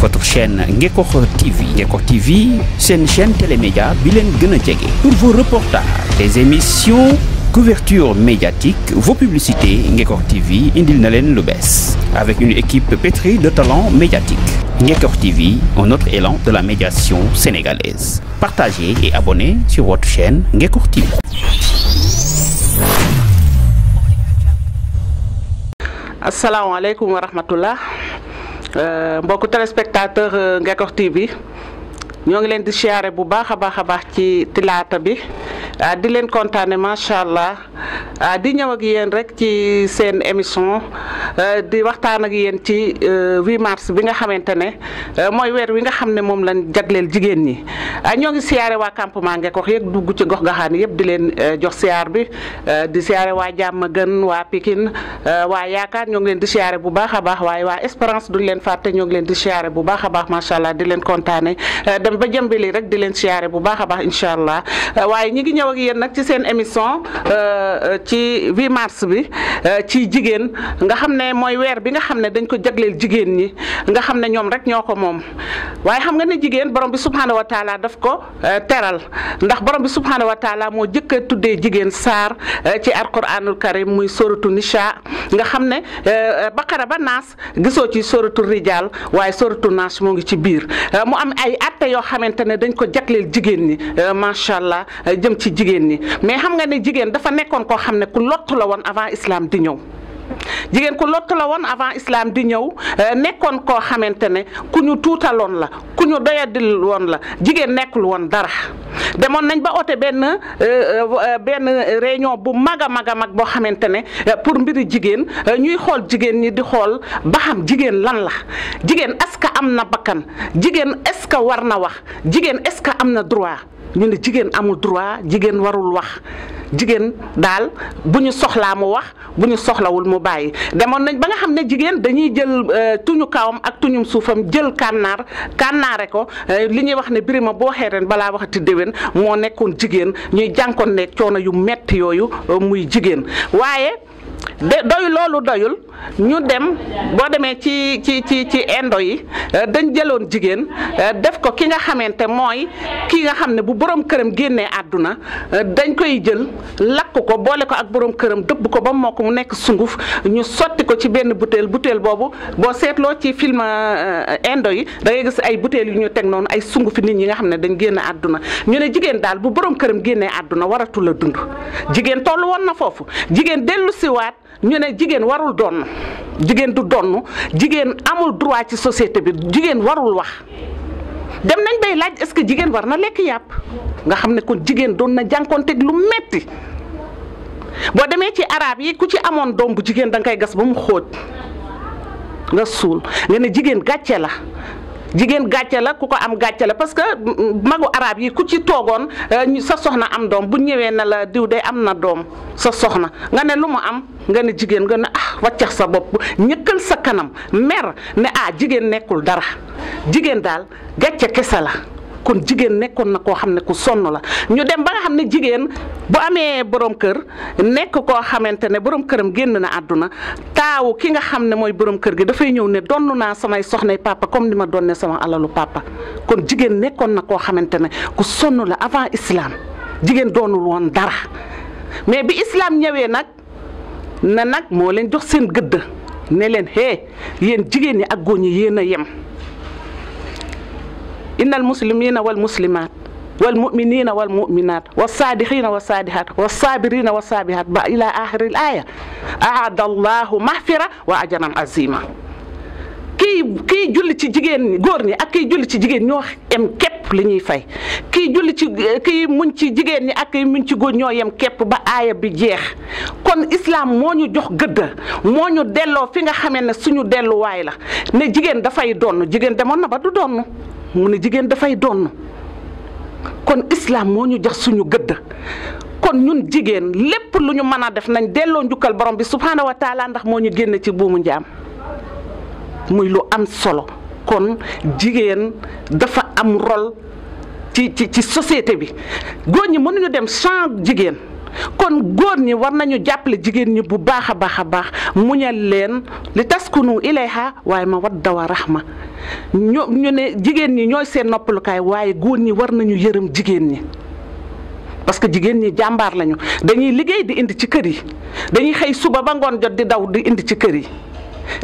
votre chaîne Ngeko TV. Ngeko TV, c'est une chaîne télémédia bilingue pour vos reportages, des émissions couverture médiatique, vos publicités, Ngekor TV, Indil Nalen Lubes, avec une équipe pétrie de talents médiatiques. Ngekor TV, un autre élan de la médiation sénégalaise. Partagez et abonnez sur votre chaîne Ngeko TV. Assalamu alaikum wa Euh, mbokku téléspectateur euh, Ngeckox TV ñoo ngi leen di siyaare bu baax a baax a baax ci talaata bi ah, di leen kontaane macha allah ah, di ñëw ak yéen rek ci seen émission Eh, di waxtaan ak yeen ci 8 eh, mars bi nga xamantene eh, moy wèr wi nga xamne mom moom lañ jagleel jigéen ñi ñoo ngi siyaare wa campement ko yëg dugg ci gox gaxaan yëpp di leen jox siyaar bi di siyaare wa jamm gën wa Pikine wa yaakaar ñoo ngi leen di siyaare bu baaxa baax way wa espérance duñ leen fàtte ñoo ngi leen di siyaare bu baax a baax macha allah di leen contané dem ba li rek di leen siyaare bu baaxa baax incha allah ñi ngi ñew ak yeen nak ci seen émission ci 8 mars bi ci jigen nga xam ne mooy weer bi nga xam ne dañ ko jagleel jigéen ñi nga xam ne ñoom rek ñoo ko moom waaye xam nga ne jigéen borom bi subhaanahu wa taala daf ko eh, teral ndax borom bi subhaanahu wa taala moo jëkk a tuddee jigéen saar eh, ci alquraanul karim muy soratu nisha nga xam ne eh, baqara ba naas gisoo ci soratu rijaal waaye soratu naas moo ngi ci biir mu am ay atte yoo xamante ne dañ ko jagleel jigéen ñi macha allah jëm ci jigéen ñi mais xam nga ne jigéen dafa nekkoon koo xam ne ku lottu woon avant islam di ñëw jigéen ku lott la woon avant islam di ñëw euh, nekkoon koo xamante ne ku ñu tuutaloon la ku ñu doyadil woon la jigéen nekkul woon dara demoon nañ ba oote benn euh, euh, benn réunion bu mag a mag a mag boo xamante ne pour mbiri jigéen ñuy xool jigéen ñi di xool ba xam jigéen lan la jigéen est que am na bakkan jigéen est-ce que war na wax jigéen est-ce que am na droit ñu ne jigéen amul droit jigéen warul wax jigéen daal bu ñu soxlaa mu wax bu ñu soxlawul mu bàyyi demoon nañ ba nga xam ne jigéen dañuy jël euh, tuñu kawam ak tuñum suufam jël kànnaar kànnaare ko euh, li ñuy wax ne birima boo xee ren balaa waxati déwén moo nekkoon jigéen ñuy jànkoon ne coono yu metti yooyu euh, muy jigéen waaye de doy loolu doyul ñu dem boo demee ci ci ci ci indo yi euh, dañ jëloon jigéen euh, def ko ki nga xamante mooy ki nga xam ne bu borom këram génnee àdduna euh, dañ koy jël lakk ko boole ko ak borom këram dëbb ko ba moo ko mu nekk sunguf ñu sotti ko ci benn butéel butéel boobu boo seetloo ci film indo yi da ngay gis ay butéel yu ñu teg noonu ay sungufi nit ñi nga xam ne dañ génn àdduna ñu ne jigéen daal bu borom këram génnee àdduna waratul a dund jigéen tollu woon na foofu jigéen dellu siwaat ñu ne jigéen warul donn jigéen du donn jigéen amul droit ci société bi jigéen warul wax dem nañ bay laaj est-ce que jigéen war na lekk yàpp nga xam ne kon jigéen doon na jànkoonteeg lu metti boo demee ci arab yi ku ci amoon doom bu jigéen danga koy gas ba mu xóot nga suul nga ne jigéen gàcce la jigéen gàcce la ku ko am gàcce la parce que magu arab yi ku ci toogoon euh, sa soxna am doom bu ñëwee na la diw day am na doom sa soxna nga ne lu mu am nga ne jigéen nga ne ah waccax sa bopp ñëkkal sa kanam mer ne ah jigéen nekkul dara jigéen daal gàcce kese la kon jigéen nekkoon na koo xam ne ku sonn la ñu dem ba nga xam ne jigéen bu amee borom kër nekk koo xamante ne borom këram génn na àdduna taawu ki nga xam ne mooy borom kër gi dafay ñëw ne donnu naa samay soxnay papa comme ni ma donne sama alalu papa kon jigéen nekkoon na koo xamante ne ku sonn la avant islam jigéen doonul woon dara mais bi islam ñëwee nag na nag moo leen jox seen gëdd ne leen hee yéen jigéen ñi ak góor ñi yéen a yem. innal muslimina wal muslimat wal muminina wal muminat wasaadixina wasaadixaat wa wasaabihaat ba ila axiril aaya ahada allahu mahfira wa ajaran azima kii kii julli ci jigéen ñi góor ñi ak kii julli ci jigéen ñoo yem képp li ñuy fay kii julli ci kii muñ ci jigéen ñi ak kii muñ ci góor ñoo yem képp ba aaya bi jeex kon islam moo ñu jox gëdd moo ñu delloo fi nga xamee ne suñu delluwaay la ne jigéen dafay donn jigéen demoon na ba du donn mu ne jigéen dafay donn kon islam moo ñu jox suñu gëdd kon ñun jigéen lépp lu ñu mën a def nañ delloo njukkal borom bi subhaana wa taala ndax moo ñu génne ci buumu njaam muy lu am solo kon jigéen dafa am rol ci ci ci société bi góor ñi mënuñu dem sans jigéen kon góor ñi war nañu jàppale jigéen ñi bu baax a baax a baax muñal leen li nu ilayha waaye ma wadda wa rahma ñoo ñu ne jigéen ñi ñooy seen noppalukaay waaye góor ñi war nañu yërëm jigéen ñi parce que jigéen ñi jàmbaar lañu dañuy liggéey di indi ci kër yi dañuy xëy suba ba ngoon jot di daw di indi ci kër yi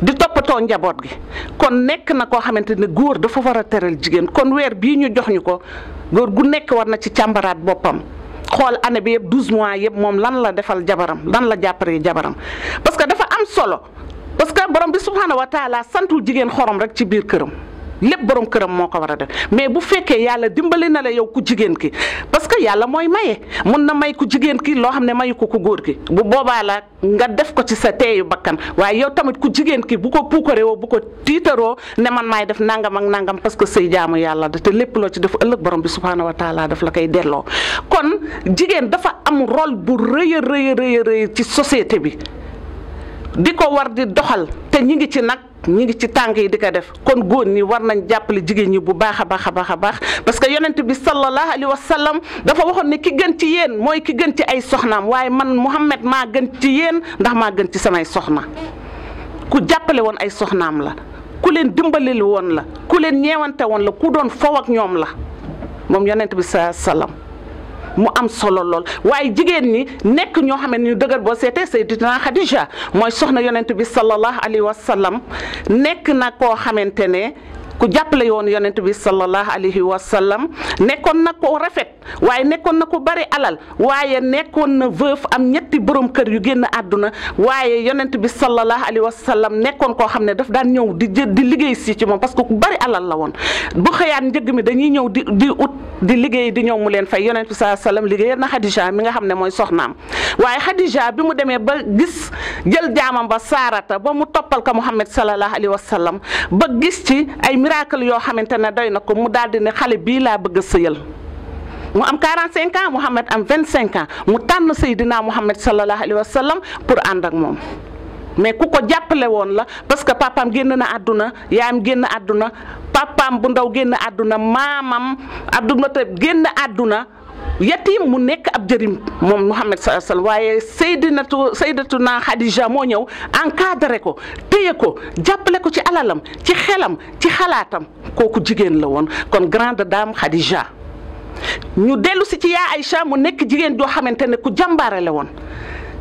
di toppatoo njaboot gi kon nekk na koo xamante ne góor dafa war a teral jigéen kon weer bii ñu jox ñu ko góor gu nekk war na ci càmbaraat boppam xool année bi yëpp douze mois yëpp moom lan la defal jabaram lan la jàpparee jabaram parce que dafa am solo parce que borom bi subhaanahu wa taala santul jigéen xorom rek ci biir këram lépp borom këram moo ko war a def mais bu fekkee yàlla dimbali na la yow ku jigéen ki parce que yàlla mooy maye mun na may ku jigéen ki loo xam ne mayu ko ku góor ki bu boobaa la nga def ko ci sa teeyu bakkan waaye yow tamit ku jigéen ki bu ko puukarewoo bu ko tiitaroo ne man maay def nangam ak nangam parce que sëy jaamu yàlla da te lépp loo ci def ëllëg borom bi subhaanahu wa taala daf la koy delloo kon jigéen dafa am rôle bu rëy rëy a ci société bi. di ko war di doxal te ñi ngi ci nag ñi ngi ci tànk yi di ko def kon góor ñi war nañ jàppale jigéen ñi bu baax a baax a baax a baax parce que yonent bi sallallahu alayhi wa sallam dafa waxoon ne ki gën ci yéen mooy ki gën ci ay soxnaam waaye man Mouhamed maa gën ci yéen ndax maa gën ci samay soxna ku jàppale woon ay soxnaam la ku leen dimbalil woon la ku leen ñeewante woon la ku doon fow ak ñoom la moom yonent bi sallallahu alayhi sallam mu am solo lool waaye jigéen ñi nekk ñoo xam ne ñu dëgër boo seetee Sayyidatuna Khadija mooy soxna yonent bi sallallahu alayhi wa sallam nekk na koo xamante ne ku jàppale yoon yonent bi sallallahu alayhi wa sallam nekkoon na ko rafet. waaye nekkoon na ku bari alal waaye nekkoon na veuf am ñetti borom kër yu génn àdduna waaye yonent bi sallallahu alayhi wa sallam nekkoon koo xam ne daf daan ñëw di jë di liggéey si ci moom parce que ku bari alal la woon bu xëyaat njëg mi dañuy ñëw di di ut di liggéey di ñëw mu leen fay yonent bi sallallahu alayhi wa sallam na Xadija mi nga xam ne mooy soxnaam waaye Xadija bi mu demee ba gis jël jaamam ba saarata ba mu toppal ko Muhammad sallallahu alayhi wa sallam ba gis ci ay miracle yoo xamante ne doy na ko mu daal di ne xale bii laa bëgg a sëyal mu am 45 ans Mouhamed am 25 ans mu tànn Seydina Mouhamed sallallahu alayhi wa sallam pour ànd ak moom. mais ku ko jàppale woon la parce que papaam génn na adduna yaayam génn àdduna papaam bu ndaw génn àdduna maamam Abdul Mutalib génn àdduna yatim mu nekk ab jërim moom Mouhamed sallallahu waaye wa sallam waaye Seydinatu Seydatuna Khadija moo ñëw encadré ko téye ko jàppale ko ci alalam ci xelam ci xalaatam kooku jigéen la woon kon grande dame Khadija. ñu dellu si ci yaa Aïcha mu nekk jigéen joo xamante ne ku jàmbaare la woon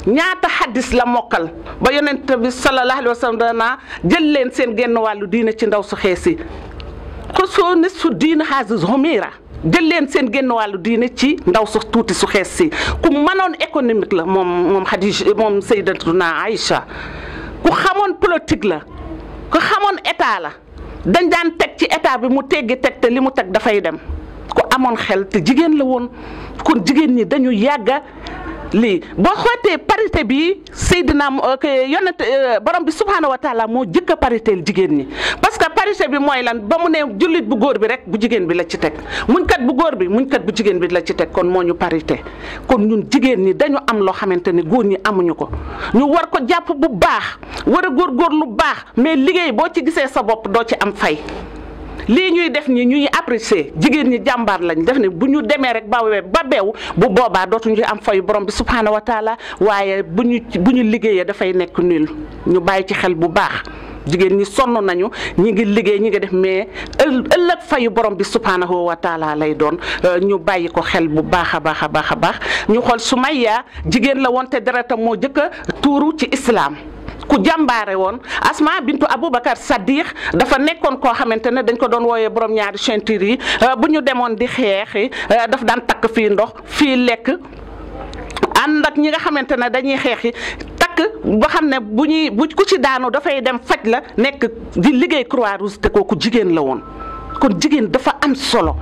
ñaata xadis la mokkal ba yonent bi sallallahu alayhi wa dana jël leen seen genn wàllu diine ci ndaw su xees yi ku soo ne su diine xaasis homira jël leen seen genn wàllu diine ci ndaw su tuuti su xees si ku mënoon économique la moom moom xadis moom sayyidatuna Aïcha ku xamoon politique la ku xamoon état la dañ daan teg ci état bi mu teggi teg te li mu teg dafay dem. amoon xel te jigéen la woon kon jigéen ñi dañu yàgga lii boo xootee parité bi Seydina yonent euh, borom bi subhaanahu wa taala moo jëkk a parité jigéen ñi parce que parité bi mooy lan ba mu ne jullit bu góor bi rek bu jigéen bi la ci teg muñkat bu góor bi muñkat bu jigéen bi la ci teg kon moo ñu parité kon ñun jigéen ñi dañu am loo xamante ne góor ñi amuñu ko ñu war ko jàpp bu baax war a góorgóor lu baax mais liggéey boo ci gisee sa bopp doo ci am fay lii ñuy def ñi ñu ñuy apprécier jigéen ñi jàmbaar lañu def ne bu ñu demee rek ba we ba beew bu boobaa dootuñu am fayu borom bi subhaana wa waaye bu ñu bu ñu liggéeyee dafay nekk nul ñu bàyyi ci xel bu baax jigéen ñi sonn nañu ñi ngi liggéey ñi ngi def mais ëllëg fayu borom bi subhaanahu wataala lay doon euh, ñu bàyyi ko xel bu baax a baax a baax a baax ñu xool Sumayya jigéen la wonte deretam moo jëkk a tuuru ci islaam ku jàmbaare woon Asma bintu Aboubacar Saddiq dafa nekkoon koo xamante ne dañ ko doon wooyee borom ñaari ceinture yi euh, bu ñu demoon di xeexi euh, daf daan takk fii ndox fii lekk ànd ak ñi nga xamante ne dañuy xeexi ba xam ne bu ñuy bu ku ci daanu dafay dem faj la nekk di liggéey croix rouge te kooku jigéen la woon kon jigéen dafa am solo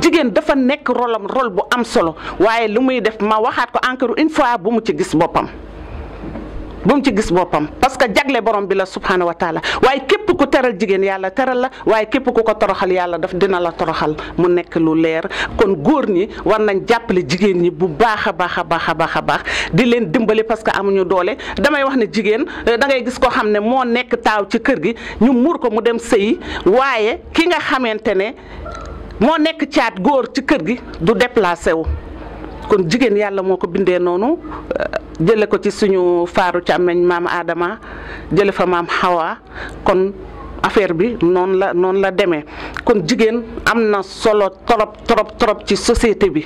jigéen dafa nekk rolam rôle bu am solo waaye lu muy def ma waxaat ko encore une fois bu mu ci gis boppam bu mu ci gis boppam parce que jagle borom bi la subhaana wa taala waaye képp ku teral jigéen yàlla teral la waaye képp ku ko toroxal yàlla daf dina la toroxal mu nekk lu leer kon góor ñi war nañ jàppale jigéen ñi bu baax a baax a baax a baax a baax di leen dimbali parce que amuñu doole damay wax ne jigéen euh, dangay gis koo xam ne moo nekk taaw ci kër gi ñu muur ko mu dem sëyi waaye ki nga xamante ne moo nekk caat góor ci kër gi du déplacé wu kon jigéen yàlla moo ko bindee noonu euh, jële ko ci suñu faaru càmmeñ maam Adama jële fa maam Hawa kon affaire bi noonu la noonu la demee kon jigéen am na solo trop trop trop ci société bi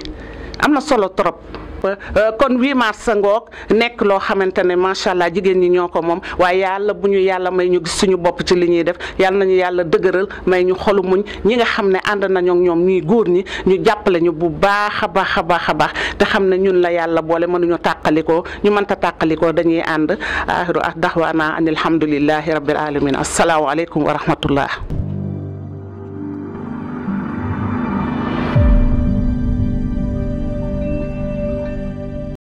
am na solo trop. lépp euh, kon 8 mars ngoog nekk loo xamante ne macha allah jigéen ñi ñoo ko moom waaye yàlla bu ñu yàlla may ñu gis suñu bopp ci li ñuy def yàlla nañu yàlla dëgëral may ñu xolu muñ ñi nga xam ne ànd nañoo ñoom ñuy góor ñi ñu jàppale ñu bu baax a baax a baax a baax te xam ne ñun la yàlla boole mënuñu tàqalikoo ñu mënta tàqalikoo dañuy ànd ahiru daxwaana an alhamdulillahi rabbil alamin asalaamaaleykum wa rahmatullah